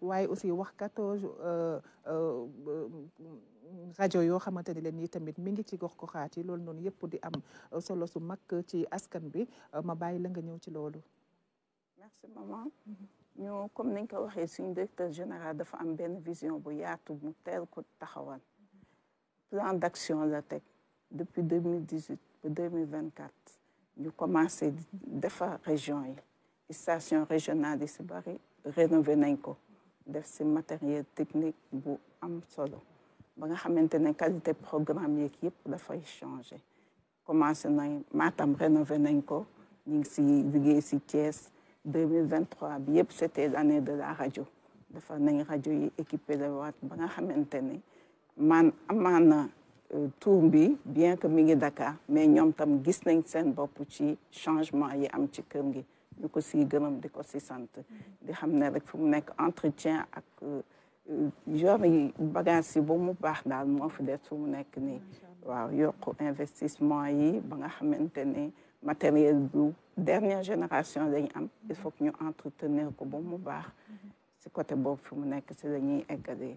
waye aussi wax euh euh yoo yo xamanteni len nii tamit mi ngi ci gox goxaat yi lolou non yep di am solo su mak ci askan bi ma bàyyi la nga ñew ci lolou merci maman ñoo comme nañ ko waxee suñu directeur général dafa am ben vision bu yaatu mu tel ko taxawal plan d'action la tek depuis 2018 mille dix ba deux ñu commencé defa région yi station régionale de si bari rénové nañ ko def si matériel technique bu am solo ba nga xamante ne qualité programme yeeg yëpp dafay changé commencé nañ Matam rénové nañ ko ñu ngi si liggéey si Thiès 2023 bi yëpp c' était l' année de la rajo dafa nañ rajo yi équipé la waat ba nga xamante ne man amaana euh, tour bi bien que mi ngi Dakar mais ñoom tam gis nañ seen bopp ci changement yi am ci kër gi ñu ko siy diko di ko si sant di xam rek fu mu nekk entretien ak yor euh, yi bagage yi ba mu baax dal mo fi des fu mu nek ni waaw yok investissement yi ba nga xamante ne matériel bu dernière génération dañ am il faut que ñu entretenir ko ba mu baax ci mhm. côté boobu fi mu nekk si la eggalee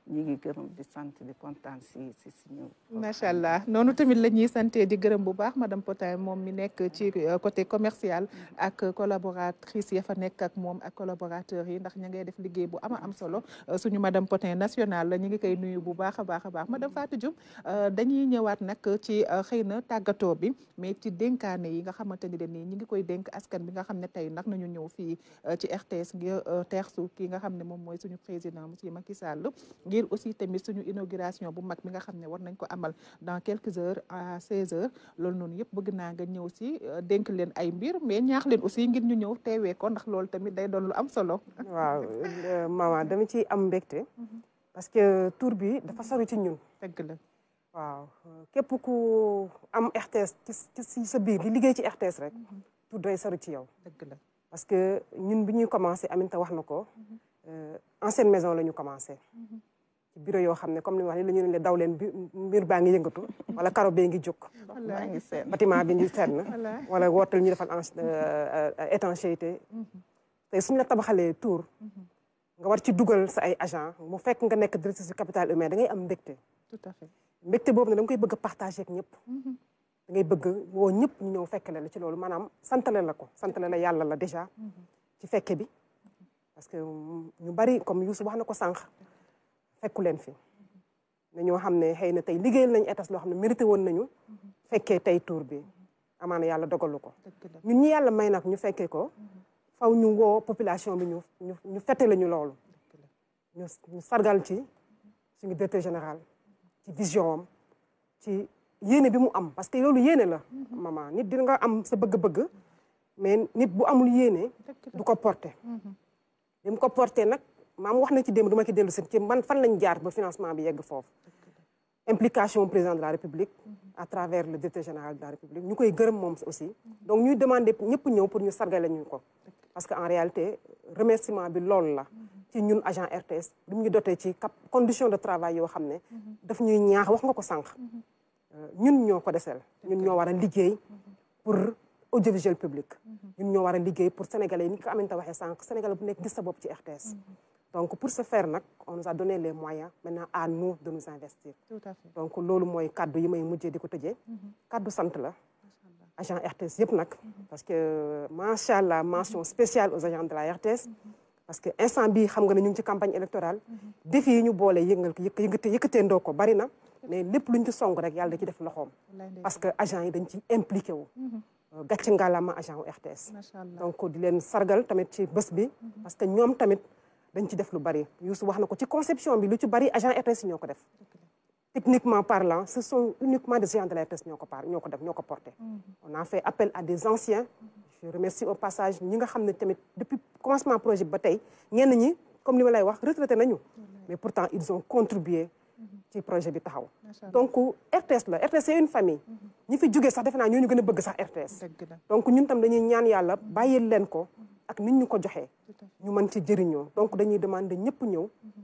ñu ngi gërëm di sant di kontaan si si macha allah noonu tamit la ñuy sant di gërëm bu baax madame Potay moom mi nekk ci euh, côté commercial ak collaboratrice ya fa nekk moom ak collaborateurs yi ndax ña ngay def liggéey bu ama am solo euh, suñu madame Potay nationale la ñu ngi koy nuyu bu baax a baax a baax madame Fatou Diouf euh, dañuy ñëwaat nag ci xëy na tàggatoo bi mais ci dénkaane yi nga xamante ni dañ ñu ngi koy dénk askan bi nga xam ne tey nag nañu ñëw fii ci RTS ngir teexsu kii nga xam ne moom mooy suñu président monsieur Macky Sall ngir aussi tamit suñu inauguration bu mag mi nga xamné war nañ ko amal dans quelques heures à 16 h lool non yëpp bëgg na nga ñëw ci euh, denk leen ay mbir mais ñaax leen aussi ngir ñu ñëw téwé ko ndax lool tamit day doon lu am solo. [LAUGHS] waaw euh, maman dama ci am mbégte. Mhm. parce que tour bi dafa sori ci ñun. dëgg la waaw euh, képp ku am RTS ci sa biir di liggéey ci RTS rek. Mhm. tour day sori ci yow. dëgg la parce que ñun bi ñuy commencé Aminta wax na ko. Mhm. ancienne maison la ñu commencé. ci bureau yoo xam ne comme ni wax ni la ñu leen daw mbir baa ngi yëngatu wala karo bee ngi jóg bâtiment bi ngi na wala wootal ñu defal euh, étanchéité mm-hmm. tey suñ la tabaxalee tour mm-hmm. nga war ci dugal sa ay agent mu fekk nga nekk directrice capital humain da am mbégte tout boobu ne da koy bëgg partageek ñëpp mm-hmm. da ngay bëgg woo ñëpp ñu ñëw fekkale la ci loolu maanaam santale la ko santale la yàlla la déjà ci fekke bi parce que ñu bari comme Youssou wax na ko sànq fekku leen fi ñoo xam ne xëy na tey liggéeyal nañ ETAS loo xam ne mérité woon nañu fekkee tey tour bi amaana yàlla dogalu ko ñun ñu yàlla may nag ñu fekkee ko faw ñu woo population bi ñu ñu fete la ñu loolu ñu sargal ci suñu directeur général ci vision am ci yéene bi mu am parce que loolu yéene la mm-hmm. maman nit dina nga am sa bëgg-bëgg mais nit bu amul yéene du ko porté mu mm-hmm. ko porté nag Mam wax na ci dem duma ci delu sen ci man fan lañ jaar ba financement bi yegg foofu implication président de la république à travers le directeur général de la république ñu gëreum mom aussi donc ñuy demander ñepp ñew pour ñu sargalé ñu ko parce que en réalité remerciement bi lool la ci ñun agent RTS bi ñu dotee ci cap condition de travail yo xamné daf ñuy ñaax wax nga ko sank euh, ñun ñoo ko desel ñun ño wara liggéey pour audiovisuel public ñun ño wara a liggéey pour sénégalais ni ko amenta waxee sank sénégalais bu nek gis sa bopp ci RTS donc pour ce faire on nous a donné les moyens maintenant à nous de nous investir. tout à fait donc loolu mooy cadre, yi may mujjee di ko tëjee. là, mhm. sant agent RTS yëpp n'ak, mhm. parce que macha mention spéciale aux agents de la RTS. Mhm. parce que instant bii xam nga ñu ci campagne électorale. défi défis ñu boole yëngal yëkkate yëkkateendoo ko bari na. mais lépp luñ ci song rek yàlla da ci def parce que agent yi dañ ci impliqué wu. Euh, gàcce ngalaama agent RTS. donc di leen sargal tamit ci bés bi. parce que ñoom tamit dañ ci def lu bari Youssou wax na ko ci conception bi lu ci bari agent RTS ñoko def techniquement parlant ce sont uniquement des agents de la RTS ñoo par ñoko def ñoko porter mhm. on a fait appel à des anciens mhm. je remercie au passage ñi nga xam tamit depuis commencement projet ba tey ñi comme li ma lay wax retraité nañu mhm. mais pourtant ils ont contribué ci projet bi taxaw. donc RTS la RTS c'est une famille. ñi fi jógee sax defe naa ñoo ñu gën a bëgg sax RTS. donc ñun tam dañuy ñaan yàlla bàyyil leen ko. Mhm. ak nit ñu ko joxee. ñu mën ci jëriñoo donc dañuy demander ñëpp ñëw. Mhm.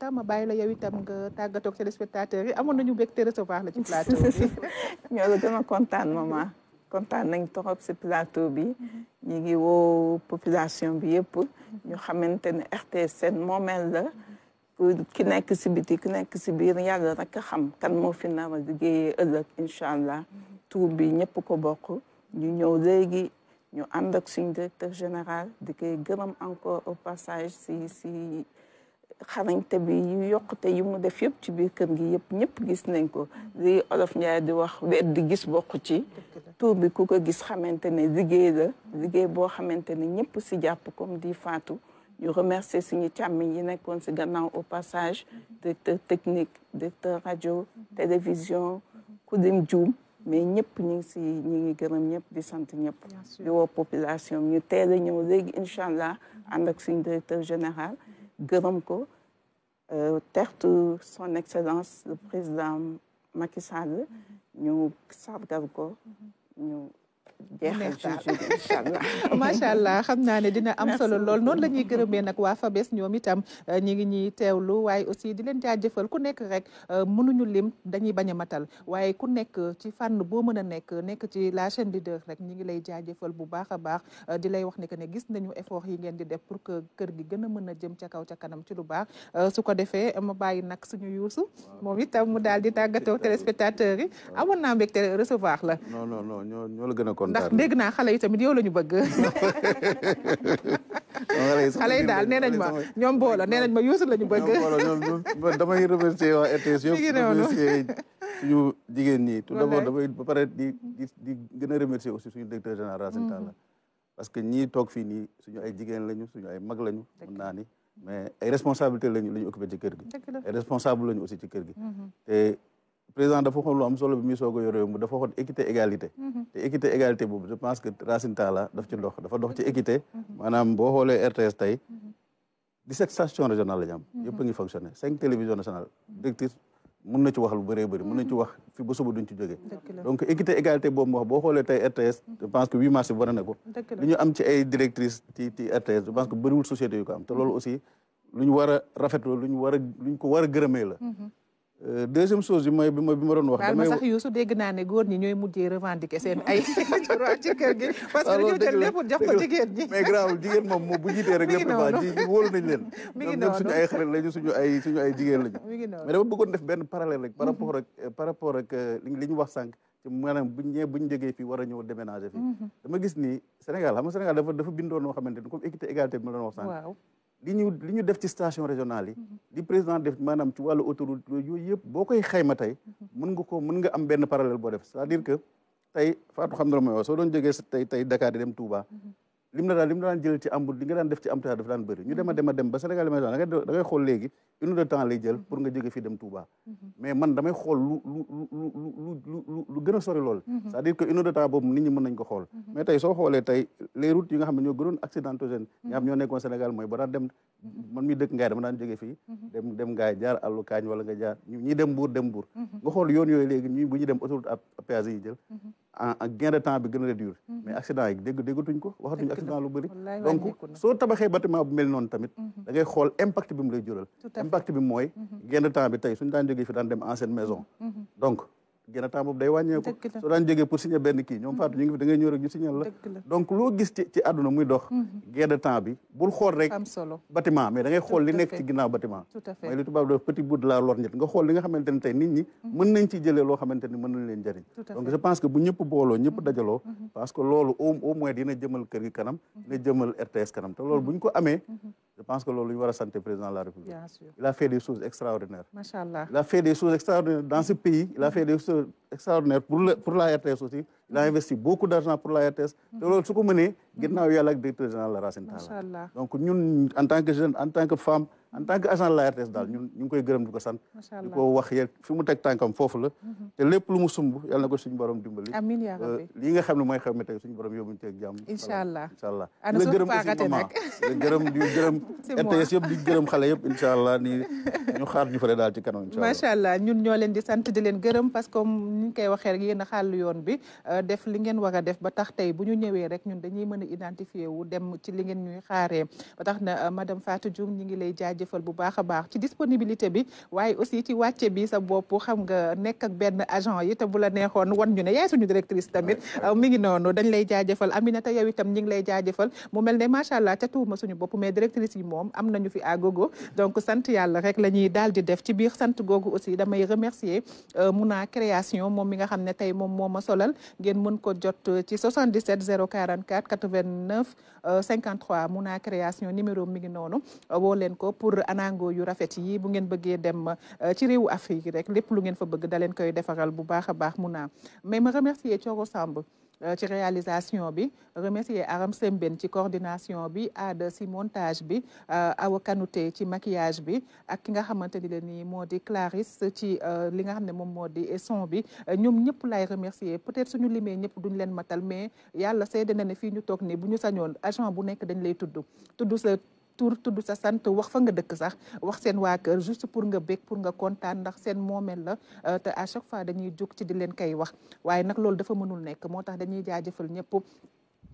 Aminata ma bàyyi la yow itam nga tàggatoo ak téléspectateurs yi amoon nañu mbégte recevoir la ci plateau bi. [LAUGHS] ñoo la gën a kontaan maman kontaan nañ torop si plateau bi ñu ngi woo population bi yëpp ñu xamante ne RTS seen moomeel la. ki nekk si biti ki nekk si biir yàlla rek a xam kan moo fi nar liggéeyee ëllëg incha allah tuur bi ñëpp ko bokk ñu ñëw léegi ñu ànd ak suñu directeur général di koy gërëm encore au passage si si xarañte bi yu yokkute yi mu def yëpp ci biir kër gi yëpp ñëpp gis nañ ko li olof Njaay di wax wet di gis bokk ci tur bi ku ko gis xamante ne liggéey la liggéey boo xamante ne ñëpp si jàpp comme di faatu ñu remercier suñu càmmiñ yi nekkoon si gannaaw au passage directeur technique directeur rajo télévision kudim juum mais ñëpp ñu ngi si ñu ngi gërëm ñëpp di sant ñëpp di population ñu teel a ñëw léegi incha allah ànd ak suñu directeur général Garamko ko euh, tertu son excellence le président Macky Sall mm-hmm. ñu sargal ko mm-hmm. macha [LAUGHS] allah xam naa ne dina am solo lool noonu la ñuy gërëmee nag waa Fabes ñoom itam euh, ñi ngi ñuy teewlu waaye aussi di leen jaajëfal ku nekk rek euh, mënuñu lim dañu bañ a matal waaye ku nekk ci fànn boo mën a nekk nekk ci la de leader rek ñi ngi lay jaajëfal bu baax a baax euh, di lay wax ne que ne gis nañu effort yi ngeen di def pour que kër gi gën a mën a jëm ca kaw ca kanam ci lu baax su ko defee ma bàyyi nag suñu yuusu moom itam mu daal di tàggatoo téléspectateurs yi amoon naa mbégte la kontaan ndax dégg naa xale yi tamit yow la ñu bëgg [LAUGHS] xale yi daal nee ma ñoom boolo nee nañ ma Youssou la ñu bëgg damay remercier waa RTS yëpp remercier suñu jigéen ñi tout d'abord damay ba pare di di di gën a remercier aussi suñu directeur général Racine Talla mhm. parce que ñii toog fii nii suñu ay jigéen lañu suñu ay mag lañu mën naa ni mais ay responsabilité lañu la ñu ci kër gi ay responsable lañu aussi ci kër gi mhm. te président dafa xool lu am solo bi muy soog a yore mu dafa xool équité égalité mhm. boobu de pense que Racine Talla daf ci dox dafa dox ci mhm. équité mhm. maanaam boo xoolee RTS tey dix-sept stations régionales la ñu am yëpp a ngi cinq télévisions nationales directrice mën na ci wax lu bëree bëri mun na ci wax fi ba suba duñ ci jógee donc équité égalité boobu wax boo xoolee tey RTS je pense que huit mars bi war na ko li ñu am ci ay directrices ci ci RTS je pense que bëriwul société ko am te loolu aussi lu ñu war a rafetlu lu ñu war a lu ñu ko war a gërëmee la Euh, deuxième chose bi mooy bi ma bi ma doon wax. damay sax Youssou dégg naa ne góor ñi ñooy mujjee revendiquer seen ay. [LAUGHS] [LAUGHS] ci kër gi parce que dañoo jël lépp jox ko jigéen ñi. mais grave jigéen moom moom bu rek lépp baax ji leen. [LAUGHS] mi ngi noonu suñu ay suñu ay jigéen lañu. mi ngi noonu mais dama bëggoon def benn parallèle rek. par mhm. rapport ak par rapport ak euh, li ñu wax buñ ñëwee buñ jógee fii war a ñëw déménager fii. Mhm. dama gis ni Sénégal xam nga Sénégal dafa dafa bindoo noo xamante ni comme équité égalité bi ma li ñu li ñu def ci station régionale yi mhm. li président def maanaam ci wàllu autoroute yooyu yëpp boo koy xayma tey mhm. mën nga ko mën nga am benn parallèle boo def c'est-à-dire que tey Fatou xam na la mooy soo doon jógee tey tey Dakar di dem Touba mhm. lim la daan lim la daan jël ci ambul li nga daan def ci am taa dafa daan bëri ñu dema dema dem xool léegi une heure de jël pour nga jóge fii dem Touba mais man damay xool lu gën a sori lool c'est-à-dire que une heure de temps boobu nit ñi mën nañ ko xool mais tey soo xoolee tey les routes yi nga xam ne ñoo gënoon accidentogène ñi xam ñoo nekkoon Sénégal mooy ba daan dem man mi dëkk ngaay dama daan jóge fii dem dem ngaay jaar àllu kaañ wala nga jaar ñi dem buur dem buur nga xool yoon yooyu léegi ñu bu ñu dem autoroute a péage yi jël en gain de temps bi gën a réduire mhm. mais accident yi dégg déggatuñ ko waxatuñ accident lu bëri donc soo tabaxee bâtiment bu mel noonu tamit mhm. da ngay xool impact bi mu lay jural impact bi mooy mhm. gain de temps bi tey suñu daan jógee fi daan dem ancienne maison donc gën a taamu day wàññeeku soo daan jógee pour signer benn kii ñoom faatu ñu ngi fi da ngay ñëw rek ñu signer la donc loo gis ci ci àdduna muy dox mhm. gain de temps bi bul xool rek bâtiment mais da ngay xool li nekk ci ginnaaw bâtiment mooy li tubaab def petit bout de la lorgnette nga xool li nga xamante ni tey nit ñi mhm. mën nañ ci jëlee loo xamante mën nañ leen jëriñ donc je pense que bu ñëpp ñëpp mhm. parce que au moins dina kër gi kanam RTS kanam te loolu bu ko amee je pense que loolu ñu war a président de la République il a fait des choses extraordinaires il a fait des choses extraordinaires dans ce pays il a fait des choses valeur extraordinaire pour la RTS aussi il a beaucoup d'argent pour la RTS te loolu su ko mënee ginnaaw yàlla ak directeur général Racine Talla donc ñun en tant que jeune en tant que femme en tant que agent de la daal ñun ñu ngi koy gërëm di ko sant di ko wax yeeg fi mu teg tànkam foofu la mhm. te lépp lu mu sumb yàlla na ko suñu borom dimbali amiin yaa rabbi euh, lii nga xam ne mooy xew mi tey suñu borom yóbbuñu teeg jàmm incha allah incha allah ana su paakate nag gërëm di [LAUGHS] yëpp di allah ni ñu xaar daal ci kanam incha ñun ñoo leen di sant di leen gërëm parce que ni ñu koy waxee rek yéen a yoon bi euh, def li ngeen war a def ba tax tey bu ñu ñëwee rek ñun dañuy mën a identifié wu dem ci li ngeen ñuy xaaree ba tax na euh, madame Fatou Diouf ñi ngi lay jaaj jaajëfal bu baax a baax ci disponibilité bi waaye aussi ci wàcce bi sa bopp xam nga nekk ak benn agent yi te bu la neexoon wan ñu ne yaay suñu directrice tamit euh, mi ngi noonu dañ lay jaajëfal Aminata yow itam ñi ngi lay jaajëfal mu mel ne macha allah ca tuuma suñu bopp mais directrice yi moom am nañu fi à gogo donc sant yàlla rek la ñuy daal di def ci biir sant googu aussi damay remercier euh, Muna création moom mi nga xam ne tey moom moo ma solal ngeen mën ko jot ci 77 044 89 53 Muna création numéro mi ngi noonu woo leen ko pour pour anango yu rafet yi bu ngeen bëggee dem euh, ci réewu Afrique rek lépp lu ngeen fa bëgg da koy defaral bu baax a baax mu naa mais ma remercier Thioro Samb euh, ci réalisation bi remercier Aram Sembène ci coordination bi Ada si montage bi euh, Awa Kanouté ci maquillage bi ak ki nga xamante ni la nii moo di Clarisse ci li nga xam ne moom moo di son bi ñoom ñëpp lay remercier peut-être suñu limee ñëpp duñ leen matal mais yàlla seede na ne fii ñu toog ni bu ñu sañoon agent bu nekk dañ lay tudd tur tudd sa sant wax fa nga dëkk sax wax seen waa kër juste pour nga bég pour nga kontaan ndax seen moomeel la euh, te à chaque fois dañuy jóg ci di leen koy wax waaye nag loolu dafa mënul nekk moo tax dañuy jaajëfal ñëpp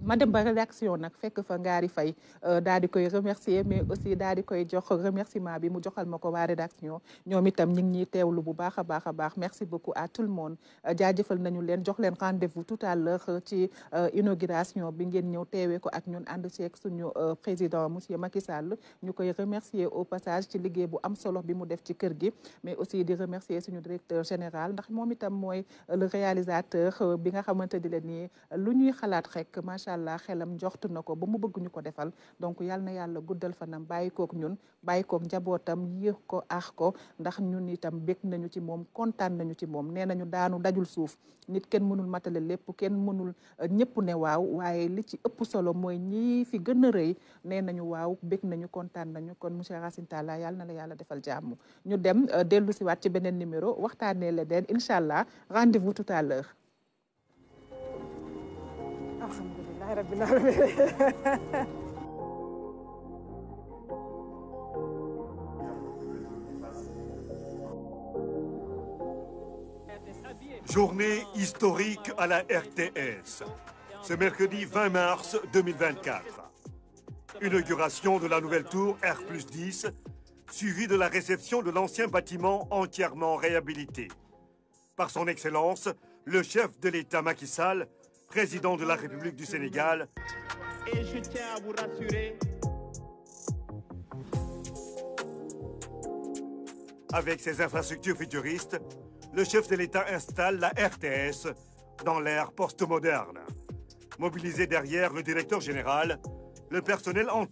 ma dem ba réaction nak fekk fa Ngari Faye euh, dal di koy remercier mais aussi dal di koy jox remerciement bi mu joxal mako wa waa rédaction ñoom itam ñing ñi ñuy bu baaxa baaxa baax merci beaucoup à tout le monde euh, jaajëfal nañu leen jox leen rendez-vous tout à l'heure ci euh, inauguration bi ngeen ñew teewee ko ak ñun and ci ak suñu président monsieur Macky Sall ñu remercier au passage ci liggéey bu am solo bi mu def ci kër gi mais aussi di remercier suñu directeur général ndax mom itam moy le réalisateur bi nga xamante di ni nii lu ñuy xalaat rek macha allah xelam ko ba mu bëgguñu ko defal donc yal na yàlla guddal fanam bàyyi kook ñun bàyyi kook njabootam yéex ko aax ko ndax ñun itam bég nañu ci moom kontaan nañu ci moom nee nañu daanu dajul suuf nit kenn mënul matale lépp kenn mënul euh, ñëpp ne waaw waaye li ci ëpp solo mooy ñii fi gën a rëy nee nañu waaw bég nañu kontaan nañu kon monsieur Racine Talla yal na la yàlla defal jàmm ñu dem euh, dellu siwaat ci beneen numéro waxtaanee la den incha allah rendez-vous tout Journée historique à la RTS. Ce mercredi 20 mars 2024. Inauguration de la nouvelle tour R 10, suivie de la réception de l'ancien bâtiment entièrement réhabilité. Par son excellence, le chef de l'État Macky Sall président de la République du Sénégal. Et je tiens à vous rassurer. Avec ses infrastructures futuristes, le chef de l'État installe la RTS dans l'ère postmoderne. Mobilisé derrière le directeur général, le personnel en